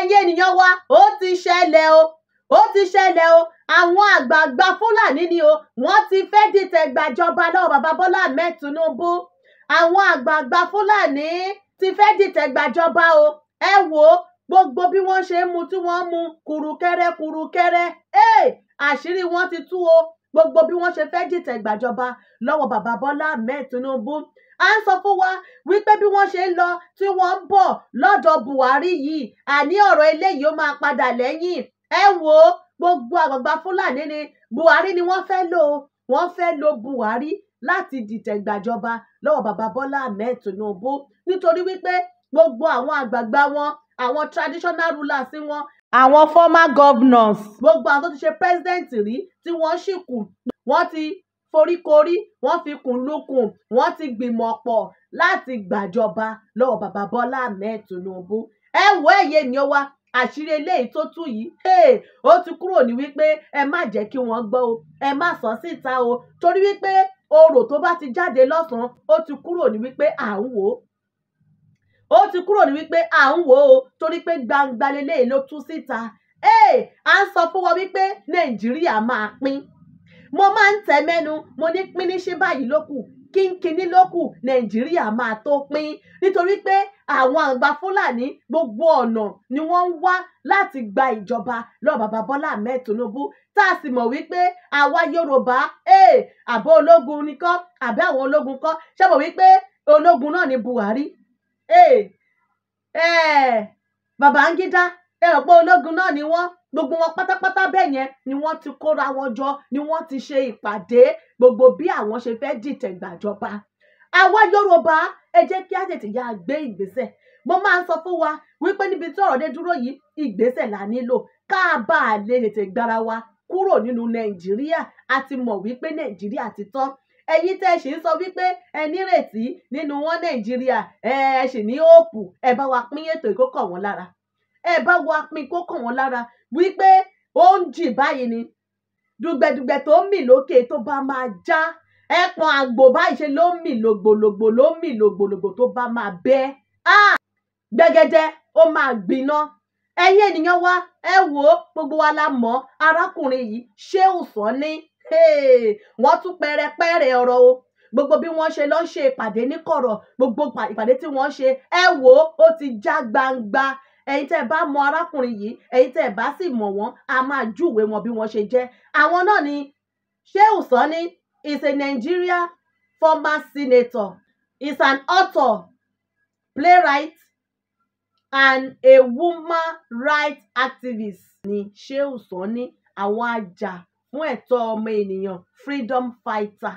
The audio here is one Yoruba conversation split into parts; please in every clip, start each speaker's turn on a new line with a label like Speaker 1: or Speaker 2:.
Speaker 1: ayé ènìyàn wa ó ti ṣẹlẹ̀ o ó ti ṣẹlẹ̀ o àwọn àgbààgbà fúlàní ni o wọ́n ti fẹ́ dìtẹ̀ gbàjọba lọ́wọ́ bàbá bọ́lá ahmed tinubu àwọn àgbààgbà fúlàní ti fẹ́ dìtẹ̀ gbàjọba o ẹ wò ó gbogbo bí wọ́n ṣe ń mu tí wọ́n ń mu kùrùkẹ́rẹ́ kùrùkẹ́rẹ́ ee àṣírí wọn ti tú o gbogbo bí wọ́n ṣe fẹ́ dìtẹ̀ gbàjọba lọ́wọ́ bàbá bọ́lá ahmed tinubu à ń sọ fún wa wípé bí wọ́n ṣe ń lọ tí wọ́n ń bọ̀ lọ́dọ̀ Buhari yìí àní ọ̀rọ̀ eléyìí ó máa padà lẹ́yìn ẹ wo gbogbo àgbàgbà Fúlàní ni Buhari ni wọ́n fẹ́ lò wọ́n fẹ́ lo Buhari láti dìtẹ̀gbàjọba lọ́wọ́ bàbá Bọ́lá Ahmed Tinubu nítorí wípé gbogbo àwọn àgbààgbà wọn àwọn traditional rulers wọn àwọn former governors gbogbo àwọn tó ti ṣe president rí tí wọ́n ṣì wọ́n ti foríkorí wọ́n fi kùnlùkùn wọ́n ti gbìmọ̀ pọ̀ láti gbàjọba lọ́wọ́ bàbá Bọ́lá Ahmed Tinubu ẹ wọ ẹ̀yẹ ènìyàn wa àṣírí eléyìí tó tú yìí ó ti kúrò ní wípé ẹ má jẹ́ kí wọ́n gbọ́ o ẹ má sọ síta o torí wípé orò tó bá ti jáde lọ́sàn-án ó ti kúrò ní wípé à ń wò ó ó ti kúrò ní wípé à ń wò ó torí pé gbangba leléyìí ló tú síta à ń sọ fún wọn wípé Nàìjíríà máa pín mo máa ń tẹ mẹ́nu mo ní píníṣín báyìí lókù kínkínní lókù nàìjíríà máa tó pín nítorí pé àwọn àgbà fúlàní gbogbo ọ̀nà ni wọ́n ń wá láti gba ìjọba lọ́wọ́ bàbá bọ́lá ahmed tinubu tá a sì mọ̀ wípé àwa yorùbá eh, àbọ̀ ológun ni kọ́ àwọn ológun kọ́ ṣé mọ̀ wípé ológun náà ni buhari eh, eh, babangida ẹ rò pé ológun náà ni wọ́n gbogbo wọn pátápátá bẹ́ẹ̀ yẹn ni wọ́n ti kóra wọn jọ ni wọ́n ti ṣe ìpàdé gbogbo bí àwọn ṣe fẹ́ dìtẹ̀ gbàjọba àwa Yorùbá ẹ jẹ́ kí á tètè yá gbé ìgbésẹ̀ mo máa ń sọ fún wa wípé níbi tí ọ̀rọ̀ dé dúró yìí ìgbésẹ̀ là nílò ká bá a lè tètè gbára wa kúrò nínú Nàìjíríà a ti mọ̀ wípé Nàìjíríà ti tán ẹ̀yin tẹ́ ẹ sì ń sọ wípé ẹ nírètí nínú wọn Nàìjíríà ẹ sì ní òòpù ẹ bá wa pín ètò ìkókọ̀ wọn lára ẹ bá wo apin kó kàn wọ́n lára wípé ó ń jì báyìí ni dùgbẹ̀dùgbẹ̀ tó ń mì lókè tó bá máa já ẹpọn àgbò báyìí ṣe ló ń mì lògbòlògbò ló ń mì lògbòlògbò tó bá máa bẹ́ gbẹ̀gẹ̀dẹ̀ ó máa gbiná ẹ̀yin ènìyàn wa ẹ wò ó gbogbo wa la mọ̀ arákùnrin yìí ṣé òsàn ni wọ́n tún pẹrẹpẹrẹ ọ̀rọ̀ o gbogbo bí wọ́n ṣe lọ ṣe ìpàdé níkọ̀rọ̀ gbogbo ìpàdé tí wọ́n ṣe ẹ wò ó ó ti já gbangba ẹ̀yin tẹ́ ẹ bá mọ arákùnrin yìí ẹ̀yin tẹ́ ẹ bá sì mọ̀ wọ́n a máa júwèé wọn bí wọ́n ṣe jẹ́ àwọn náà ni Shehu Sani is a Nigeria former senator is an author playwright and a woman rights activist ni Shehu Sani àwọn ajá fún ẹ̀tọ́ ọmọ ènìyàn freedom fighter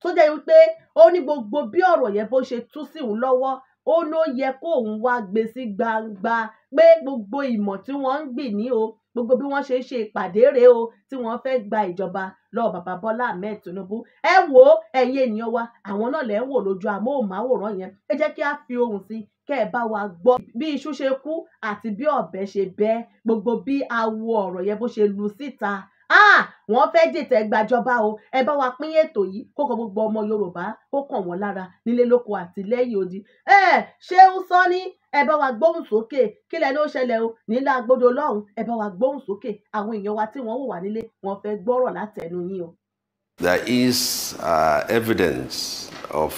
Speaker 1: tó jẹ́ wípé ó ní gbogbo bí ọ̀rọ̀ yẹn bó ṣe tú sí òun lọ́wọ́ ó ló yẹ kóun wá gbé sí gbangba pé gbogbo ìmọ̀ tí wọ́n ń gbìn ní o gbogbo bí wọ́n ṣe ṣe ìpàdé rèé o tí wọ́n fẹ́ gba ìjọba lọ́wọ́ bàbá Bọ́lá Ahmed Tinubu ẹ wo ẹ̀yin ènìyàn wa àwọn náà lẹ́ ń wò lójú amóhùnmáwòrán yẹn ẹ jẹ́ kí a fi ohùn sí kẹ́ ẹ bá wa gbọ́ bí iṣu ṣe kú àti bí ọ̀bẹ ṣe bẹ́ gbogbo bí awo ọ̀rọ̀ yẹn bó ṣe lu síta Ah, wọ́n fẹ́ dètè gbàjọba o ẹ bá wa pín ètò yìí kó gbogbo ọmọ Yorùbá kó kàn wọ́n lára nílé lóko àti odi ẹ ṣé ń sọ ní ẹ bá wa gbóhùn sókè kí lẹ ló ṣẹlẹ̀ o nílà gbọdọ̀ lọ́hùn ẹ bá wa gbóhùn sókè àwọn èèyàn wa tí wọ́n wò wá nílé wọ́n fẹ́ gbọ́rọ̀ látẹnu yín o.
Speaker 2: There is uh, evidence of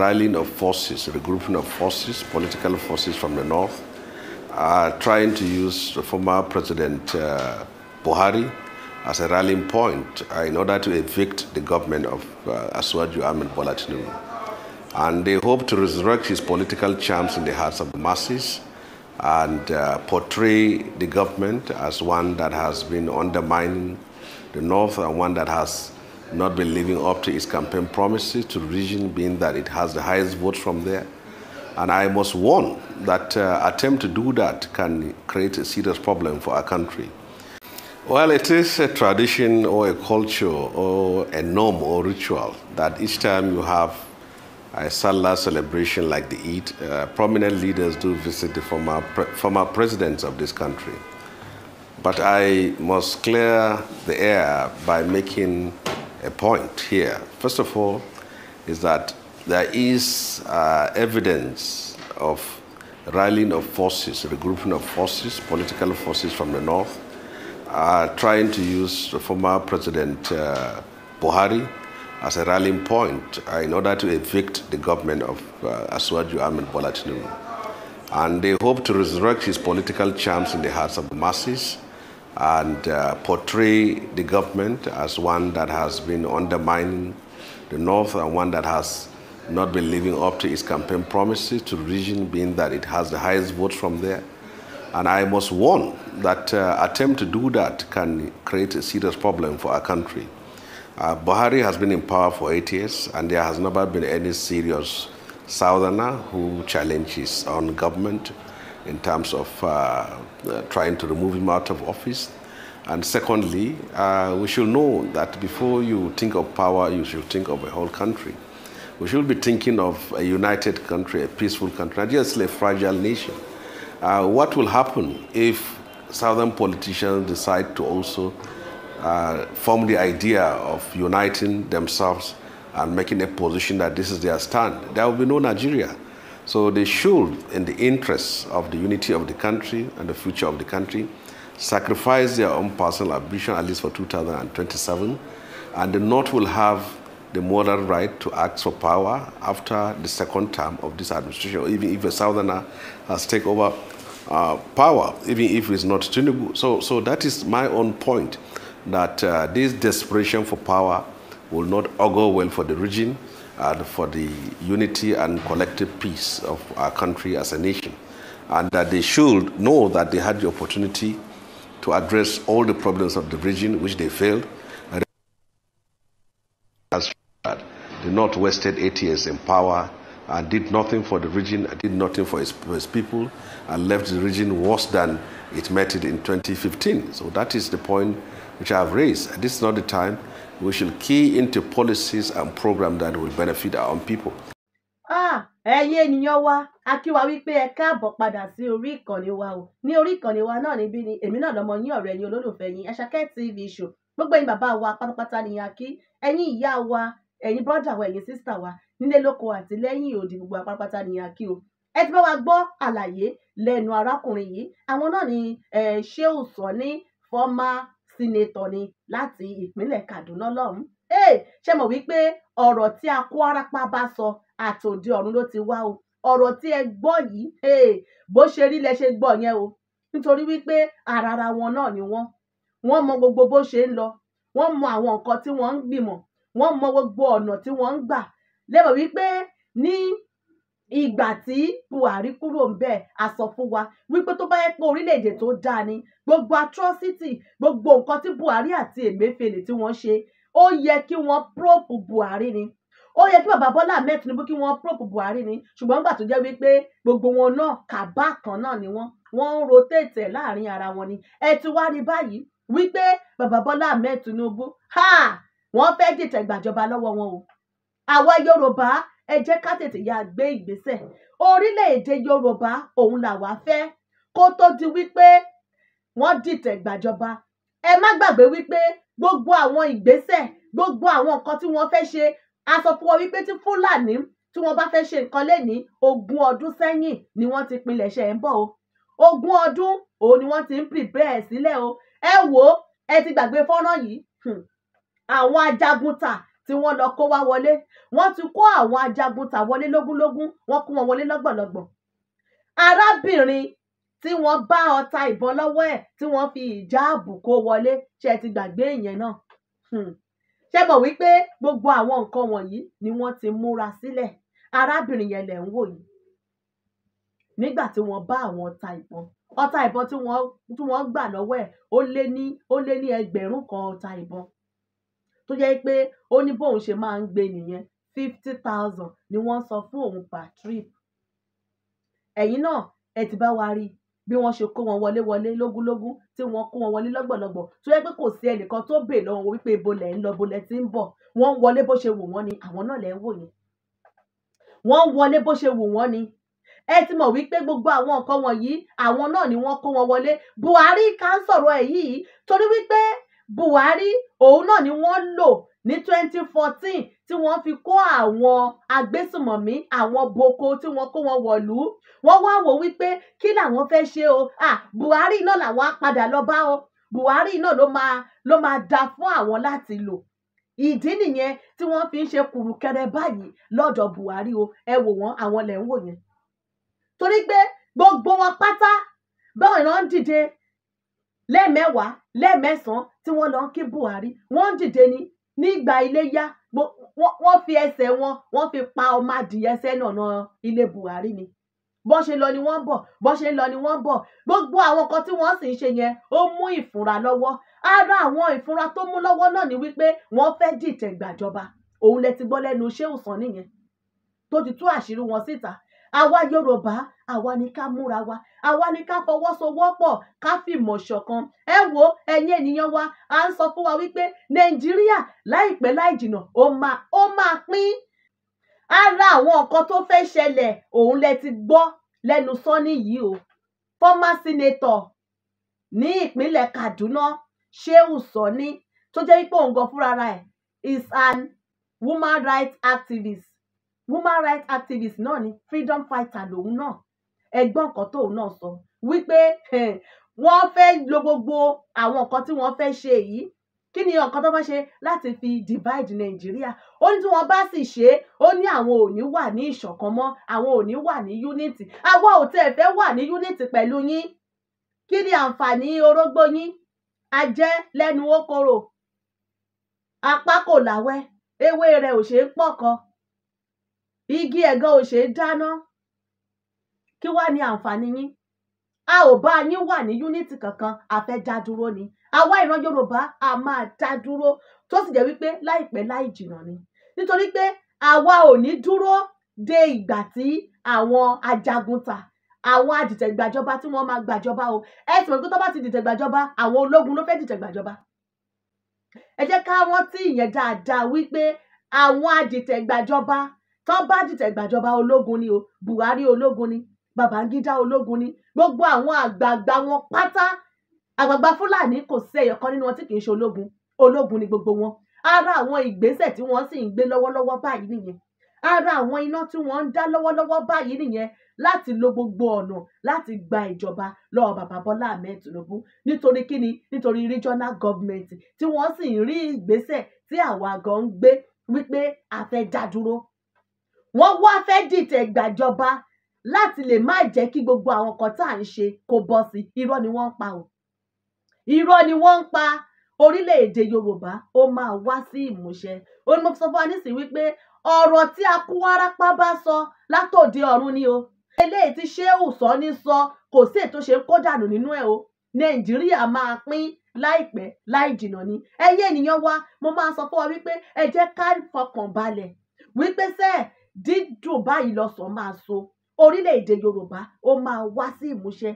Speaker 2: rallying of forces, regrouping of forces, political forces from the north, uh, trying to use the former President uh, Buhari as a rallying point in order to evict the government of uh, Aswaju Ahmed Bola Tinubu. And they hope to resurrect his political charms in the hearts of the masses and uh, portray the government as one that has been undermining the North and one that has not been living up to its campaign promises to the region, being that it has the highest votes from there. And I must warn that uh, attempt to do that can create a serious problem for our country. Well, it is a tradition or a culture or a norm or ritual that each time you have a Salah celebration like the Eid, uh, prominent leaders do visit the former, pre former presidents of this country. But I must clear the air by making a point here. First of all, is that there is uh, evidence of rallying of forces, regrouping of forces, political forces from the north, are trying to use former President uh, Buhari as a rallying point in order to evict the government of uh, Ahmed Bola Tinubu. And they hope to resurrect his political charms in the hearts of the masses and uh, portray the government as one that has been undermining the North and one that has not been living up to its campaign promises to the region, being that it has the highest vote from there. And I must warn that uh, attempt to do that can create a serious problem for our country. Uh, Buhari has been in power for eight years, and there has never been any serious southerner who challenges own government in terms of uh, uh, trying to remove him out of office. And secondly, uh, we should know that before you think of power, you should think of a whole country. We should be thinking of a united country, a peaceful country, not just a fragile nation. Uh, what will happen if southern politicians decide to also uh, form the idea of uniting themselves and making a position that this is their stand? There will be no Nigeria. So they should, in the interests of the unity of the country and the future of the country, sacrifice their own personal ambition at least for 2027, and the North will have the moral right to act for power after the second term of this administration, even if a southerner has taken over uh, power, even if it's not Tinubu. So, so that is my own point, that uh, this desperation for power will not augur well for the region and for the unity and collective peace of our country as a nation. And that they should know that they had the opportunity to address all the problems of the region, which they failed the North wasted eight years in power and did nothing for the region, I did nothing for his for its, people, I left the region worse than it met it in 2015. So that is the point which I have raised. This is not the time. We should key into policies and programs that will benefit our own people. Ah,
Speaker 1: ẹ̀yin ènìyàn wa a kí wa wípé ẹ káàbọ̀ padà sí orí ìkànnì wa o ní orí ìkànnì wa náà níbí ni èmi náà lọmọ yín ọ̀rẹ́ yín olólùfẹ́ yín Àṣàkẹ́ TV show gbogbo yín bàbá wa pátápátá ni a kí ẹ̀yin ìyá wa ẹ̀yin brọ́dà wa ẹ̀yin sísítà wa nílé lóko àti lẹ́yìn òdì gbogbo àpapàtà ni a kí o ẹ ti bá wa gbọ́ àlàyé lẹ́nu arákùnrin yìí àwọn náà ni Shehu Sani former senator ni láti ìpínlẹ̀ Kaduna lọ́hùn-ún ṣe mọ̀ wípé ọ̀rọ̀ tí a kó arápá bá sọ àtòdì ọ̀run ló ti wá o ọ̀rọ̀ tí ẹ gbọ́ yìí bó ṣe rí lẹ ṣe gbọ́ yẹn o nítorí wípé àràrà wọn náà ni wọ́n wọ́n mọ gbogbo bó ṣe ń lọ wọ́n mọ àwọn nǹkan tí wọ́n ń gbìmọ̀ wọ́n mọ gbogbo ọ̀nà tí wọ́n ń gbà lẹ́mọ̀ wípé ní ìgbà tí Buhari kúrò ń bẹ̀ a sọ fún wa wípé tó bá yẹ pé orílẹ̀-èdè tó dáa ni gbogbo atrocity gbogbo nǹkan tí Buhari àti Emefiele tí wọ́n ṣe ó yẹ kí wọ́n probe Buhari ni ó yẹ kí bàbá Bọ́lá Ahmed Tinubu kí wọ́n probe Buhari ni ṣùgbọ́n nígbà tó jẹ́ wípé gbogbo wọn náà kàbá kan náà ni wọ́n wọ́n ń rotate láàrin ara wọn ni ẹ ti wá rí báyìí wípé bàbá Bọ́lá Ahmed Tinubu ha wọ́n fẹ́ tètè gbàjọba lọ́wọ́ wọn o àwa yorùbá ẹ jẹ́ ká tètè yá gbé ìgbésẹ̀ orílẹ̀-èdè yorùbá òun làwa fẹ́ kó tó di wípé wọ́n dìtẹ̀ gbàjọba ẹ má gbàgbé wípé gbogbo àwọn ìgbésẹ̀ gbogbo àwọn nǹkan tí wọ́n fẹ́ ṣe a sọ fún wọn wípé tí fúlàní tí wọ́n bá fẹ́ ṣe nǹkan lẹ́ni ogún ọdún sẹ́yìn ni wọ́n ti pilẹ̀ṣẹ̀ ń bọ̀ o ogún ọdún òun ni wọ́n ti ń prepare sílẹ̀ o ẹ wò ó ẹ ti gbàgbé fọ́nrán yìí hmm àwọn ajagunta tí wọ́n lọ kó wá wọlé wọ́n ti kó àwọn ajagunta wọlé lógúnlógún wọ́n kó wọn wọlé lọ́gbọ̀lọ́gbọ̀ arábìnrin tí wọ́n bá ọta ìbọn lọ́wọ́ ẹ̀ tí wọ́n fi ìjáàbù kó wọlé ṣe ti gbàgbé ìyẹn náà hmm. ṣe mọ̀ wípé gbogbo àwọn nǹkan wọ̀nyí ni wọ́n ti múra sílẹ̀ arábìnrin yẹn lẹ̀ ń wò yìí nígbà tí wọ́n bá àwọn ọta ìbọn ọta ìbọn tí wọ́n gbà lọ́wọ́ ẹ̀ ó lé ní ó kan ọta ìbọn tó jẹ́ pé ó ní bóun ṣe máa ń gbé nìyẹn fifty thousand ni wọ́n sọ fún òun per trip ẹ̀yin náà ẹ ti bá wa rí bí wọ́n ṣe kó wọn wọlé wọlé lógúnlógún tí wọ́n kó wọn wọlé lọ́gbọ̀lọ́gbọ̀ tó yẹ pé kò sí ẹnìkan tó bè lọ́wọ́ wípé ibo lẹ̀ ń lọ ibo lẹ̀ ti ń bọ̀ wọ́n ń wọlé bó ṣe wù wọ́n ni àwọn náà lẹ̀ ń wò yẹn wọ́n ń wọlé bó ṣe wù wọ́n ni ẹ ti mọ̀ wípé gbogbo àwọn nǹkan wọ̀nyí àwọn náà ni wọ́n kó wọn wọlé Buhari ká ń sọ̀rọ̀ ẹ̀ yìí torí wípé buhari òun náà ni wọ́n lò ní twenty fourteen tí wọ́n fi kó àwọn agbésùmọ̀mí àwọn boko tí wọ́n kó wọn wọ̀lú wọ́n wá wò wípé kí làwọn fẹ́ ṣe o ah buhari náà làwọn á padà lọ bá o buhari náà ló máa ló máa da fún àwọn láti lò ìdí nìyẹn tí wọ́n fi ń ṣe kùrùkẹrẹ báyìí lọ́dọ̀ buhari o ẹ wò wọ́n àwọn lẹ̀ ń wò yẹn torí pé gbogbo wọn pátá báwọn ìran dìde lẹ́ẹ̀mẹ́wàá lẹ́ẹ̀mẹ́sàn-án tí wọ́n lọ ń kí Buhari wọ́n ń dìde ni nígbà iléyá wọ́n fi ẹsẹ̀ wọn wọ́n fi pa ọmọ adìyẹ sẹ́nu ọ̀nà ilé Buhari ni bó ṣe lọ ni wọ́n ń bọ̀ bó ṣe lọ ni wọ́n ń bọ̀ gbogbo àwọn kan tí wọ́n sì ń ṣe yẹn ó mú ìfura lọ́wọ́ ara àwọn ìfura tó mú lọ́wọ́ náà ni wípé wọ́n fẹ́ dìtẹ̀ gbàjọba òun lẹ ti gbọ́ lẹ́nu iṣẹ́ òsàn nìyẹn tó ti tú àṣírí wọn síta àwa yorùbá àwa ni ká múra wa àwa ni ká fọwọ́sowọ́pọ̀ ká fìmọ̀ ṣọ̀kan ẹ wo ẹ̀yin ènìyàn wa à ń sọ fún wa wípé nàìjíríà láìpẹ́ láì jìnà ó máa ó máa pín ara àwọn nǹkan tó fẹ́ ṣẹlẹ̀ òun lẹ ti gbọ́ lẹ́nu sọ́ni yìí o former senator ní ìpínlẹ̀ kaduna Shehu Sani tó jẹ́ wípé òun gan fúnra rẹ̀ is an woman rights activist woman rights activist náà ni freedom fighter lòun náà ẹgbọ́n nǹkan tóun náà sọ wípé wọ́n fẹ́ lo gbogbo àwọn nǹkan tí wọ́n fẹ́ ṣe yìí kí ni nǹkan tó bá ṣe láti fi divide nàìjíríà ó ní tí wọ́n bá sì ṣe é ó ní àwọn ò ní wà ní ìṣọ̀kan mọ́ àwọn ò ní wà ní unity àwa ò tẹ̀ fẹ́ wà ní unity pẹ̀lú yín kí ni àǹfààní orógbó yín ajẹ́ lẹ́nu ó korò apá kò láwẹ́ ewé rẹ̀ ò ṣeé pọ̀kan igi ẹ̀gàn ò ṣeé dáná kí wá ní àǹfààní yín a ò bá yín wà ní yúnítì kankan a fẹ́ dá dúró ni àwa ìran Yorùbá a máa dá dúró tó sì jẹ́ wípé láìpẹ́ láì jìnnà ni nítorí pé àwa ò ní dúró de ìgbà tí àwọn ajagunta àwọn adìtẹ̀gbàjọba tí wọ́n máa gbàjọba o ẹ sì mọ̀ pé tó bá ti dìtẹ̀gbàjọba àwọn ológun ló fẹ́ dìtẹ̀gbàjọba ẹ jẹ́ ká rántí ìyẹn dáadáa wípé àwọn adìtẹ̀gbàjọba tó bá dìtẹ̀ gbàjọba ológun ni o Buhari ológun ni Babangida ológun ni gbogbo àwọn àgbààgbà wọn pátá àgbààgbà Fúlàní kò sí ẹyọ kan nínú wọn tí kì í ṣe ológun ológun ni gbogbo wọn ara àwọn ìgbésẹ̀ tí wọ́n sì ń gbé lọ́wọ́lọ́wọ́ báyìí nìyẹn ara àwọn iná tí wọ́n ń dá lọ́wọ́lọ́wọ́ báyìí nìyẹn láti lo gbogbo ọ̀nà láti gba ìjọba lọ́wọ́ bàbá Bọ́lá Ahmed Tinubu nítorí kíni nítorí regional government tí wọ́n sì ń rí ìgbésẹ̀ tí àwa gan ń gbé wípé a fẹ́ dá dúró wọ́n wá fẹ́ dìtẹ̀ gbàjọba láti lè má jẹ́ kí gbogbo àwọn kan tá à ń ṣe kó bọ́ sí irọ́ ni wọ́n ń pa o irọ́ ni wọ́n ń pa orílẹ̀-èdè Yorùbá ó máa wá sí ìmúṣẹ ó ní mo sọ fún wa nísìnyí wípé ọ̀rọ̀ tí akúwárápá bá sọ látòde ọ̀run ni o eléyìí tí Ṣéhù sọ ní sọ kò sí ètò ṣe kó dànù nínú ẹ̀ o Nàìjíríà máa pín láìpẹ́ láì jìnnà ni ẹyẹ ènìyàn wa mo máa sọ fún wa wípé ẹ jẹ́ ká fọkàn balẹ̀ wípé sẹ́ẹ̀ dídùn báyìí lọ́sàn máa so orílẹ̀-èdè yorùbá ó máa wá sí ìmúṣẹ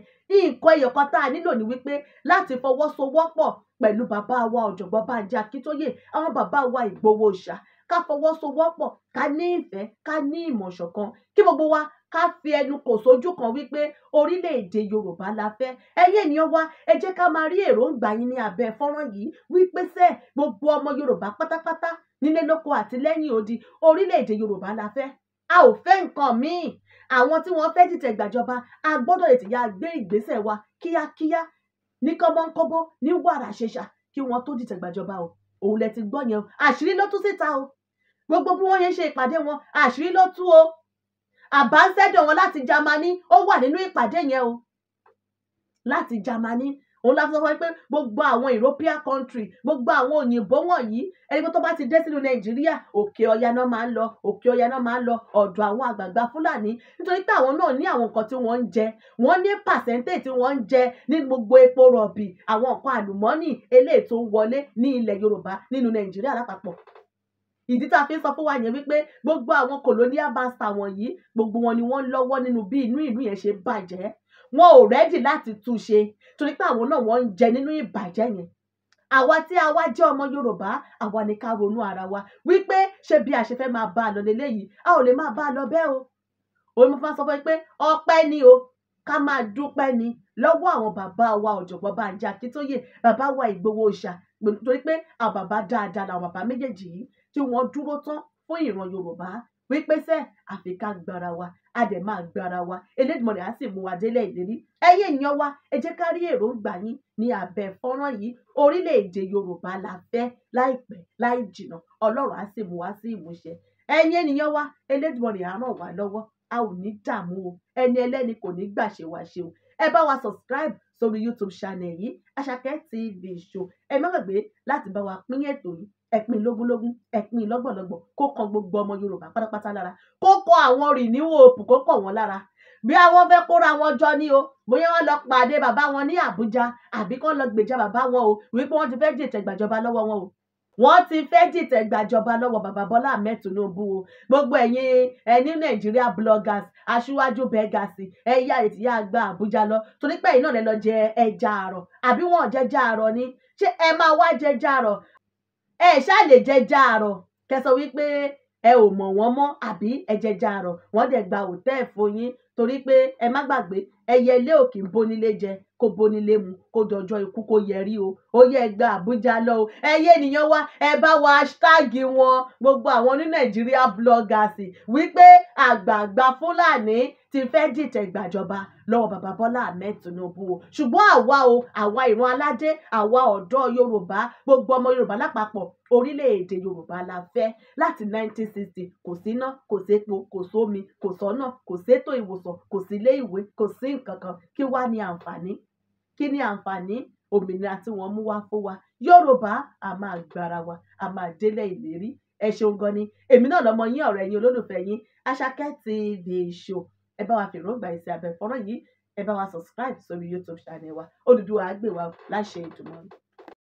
Speaker 1: nǹkan ẹyọkan tá a nílò ní wípé láti fọwọ́sowọ́pọ̀ pẹ̀lú bàbá wa ọ̀jọ̀gbọ́n Bánjí Akíntóyè àwọn bàbá wa Ìgbòho Òòṣà ká fọwọ́sowọ́pọ̀ ká ní ìfẹ́ ká ní ìmọ̀ ṣọ̀kan kí gbogbo wa ká fi ẹnu kò sójú kan wípé orílẹ̀-èdè yorùbá la fẹ́ ẹ̀yin ènìyàn wa ẹ jẹ́ ká máa rí èròǹgbà yín ní abẹ́ fọ́nrán yìí wípé sẹ́ẹ̀ gbogbo ọmọ yorùbá pátápátá nílé lóko àti lẹ́yìn odi orílẹ̀-èdè Yorùbá la fẹ́ a ò fẹ́ nǹkan míì àwọn tí wọ́n fẹ́ dìtẹ̀ gbàjọba a gbọ́dọ̀ lè tìyà gbé ìgbésẹ̀ wa kíákíá ní kọ́bọ́nkọ́bọ́ ní wàrà ṣẹṣà kí wọ́n tó dìtẹ̀ gbàjọba o òun lẹ ti gbọ́ yẹn o àṣírí ló tú síta o gbogbo bí wọ́n yẹn ṣe ìpàdé wọn àṣírí ló tú o àbáṣẹ́dọ̀ wọn láti Jámánì ó wà nínú ìpàdé yẹn o láti Jámánì òun la fi sọ fún ẹ pé gbogbo àwọn european country gbogbo àwọn òyìnbó wọ̀nyí ẹni pé tó bá ti dé sínú nàìjíríà òkè ọya náà máa ń lọ òkè ọya náà máa ń lọ ọ̀dọ̀ àwọn àgbààgbà fúlàní nítorí pé àwọn náà ní àwọn nǹkan tí wọ́n ń jẹ wọ́n ní pàṣẹ́ntéè tí wọ́n ń jẹ ní gbogbo epo rọ̀bì àwọn nǹkan àlùmọ́ọ́nì eléyìí tó ń wọlé ní ilẹ̀ yorùbá nínú nàìjíríà lápapọ̀ ìdí tá a fi ń sọ fún wa yẹn wípé gbogbo àwọn colonial basta wọ̀nyí gbogbo wọn ni wọ́n lọ́wọ́ nínú bí inú ìlú yẹn ṣe bàjẹ́ wọn ò rẹ́dì láti tún ṣe torí pé àwọn náà wọ́n ń jẹ nínú ìbàjẹ́ yẹn àwa tí a wá jẹ́ ọmọ Yorùbá àwa ni ká ronú ara wa wípé ṣé bí a ṣe fẹ́ máa bá a lọ lélẹ́yìí a ò lè máa bá a lọ bẹ́ẹ̀ o òun mo fẹ́ sọ pé ọpẹ́ ni o ká máa dúpẹ́ ni lọ́wọ́ àwọn bàbá wa ọ̀jọ̀gbọ́n Bánjí Akíntóyè bàbá wa Ìgbòho Òòṣà torí pé àwọn bàbá dáadáa làwọn bàbá méjèèjì yìí tí wọ́n dúró tán fún ìran Yorùbá wípé sẹ́ àfi ká gbára wa a dẹ̀ máa gbára wa Elédùmarè á sì mú wa délẹ̀ ìlérí ẹ̀yin èèyàn wa ẹ jẹ́ ká rí èròǹgbà yín ní abẹ́ fọ́nrán yìí orílẹ̀-èdè Yorùbá la fẹ́ láìpẹ́ láì jìnà Ọlọ́run á sì mú wa sí ìmúṣẹ ẹ̀yin ènìyàn wa Elédùmarè á ràn wá lọ́wọ́ a ò ní dààmú o ẹni ẹlẹ́ni kò ní gbà ṣe wá ṣe o ẹ bá wa subscribe sórí YouTube channel yìí Àṣàkẹ́ TV Show ẹ má gbàgbé láti bá wa pín ètò yìí ẹ̀pin lógúnlógún ẹ̀pin lọ́gbọ̀lọ́gbọ̀ kó kan gbogbo ọmọ Yorùbá pátápátá lára kó kọ àwọn rìníwò òpù kó kọ wọn lára bí àwọn fẹ́ kóra wọn jọ ní o bóyá wọn lọ pàdé bàbá wọn ní Àbújá àbí kán lọ gbèjà bàbá wọn o wípé wọn ti fẹ́ dìtẹ̀ gbàjọba lọ́wọ́ wọn o wọ́n ti fẹ́ dìtẹ̀ gbàjọba lọ́wọ́ bàbá Bọ́lá Ahmed Tinubu o gbogbo ẹ̀yin ẹ Nàìjíríà bloggers aṣíwájú bẹ́gàsì ẹ̀yà ìtìyà àgbà Àbújá lọ torí pé ẹ̀yin náà lè lọ jẹ ẹja àrọ̀ àbí wọn ò jẹja àrọ̀ ni ṣé ẹ máa wá jẹja àrọ̀ ẹ ṣáà lè jẹjá àrọ̀ kẹsàn wípé ẹ ò mọ̀ wọ́n mọ́ àbí ẹ jẹjá àrọ̀ wọ́n dẹ̀ gba òtẹ́ẹ̀ fún yín torí pé ẹ má gbàgbé ẹyẹ ilé òkè ń bónílé jẹ kó bónílé mu kó dọjọ́ ikú kó yẹrí o ó yẹ gba Àbújá lọ o ẹyẹ ènìyàn wa ẹ bá wa ṣáàgì wọn gbogbo àwọn ní Nàìjíríà bloggers wípé àgbààgbà Fúlàní ti fẹ́ dìtẹ̀ gbàjọba lọ́wọ́ bàbá Bọ́lá Ahmed Tinubu o ṣùgbọ́n àwa o àwa ìran aládé àwa ọ̀dọ́ Yorùbá gbogbo ọmọ Yorùbá lápapọ̀ orílẹ̀-èdè Yorùbá la fẹ́ láti 1960 kò síná kò sépo kò sómi kò sọ́nà kò sétò ìwòsàn kò sílé ìwé kò sí nǹkan kan kí wá ní àǹfààní kí ni àǹfààní òmìnira tí wọ́n mú wá fún wa Yorùbá a máa gbára wa a máa délẹ̀ ìlérí ẹ ṣeun gan ni èmi náà lọmọ yín ọ̀rẹ́ yín olólùfẹ́ yín Àṣàkẹ́ TV show ẹ bá wa fèròǹgbà ìsìn abẹ́fọ́rọ̀ yìí ẹ bá wa subscribe sórí YouTube channel wa Odùduwà á gbè wa láṣẹ ìdùnnú.